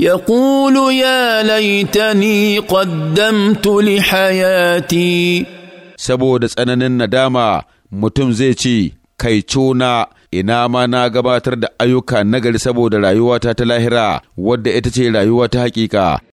يقول يا ليتني قدمت لحياتي saboda tsananin nadama mutum zai ce kai cuna ina ma na gabatar da ayyuka nagari saboda rayuwata ta lahira wadda ita ce rayuwa ta hakika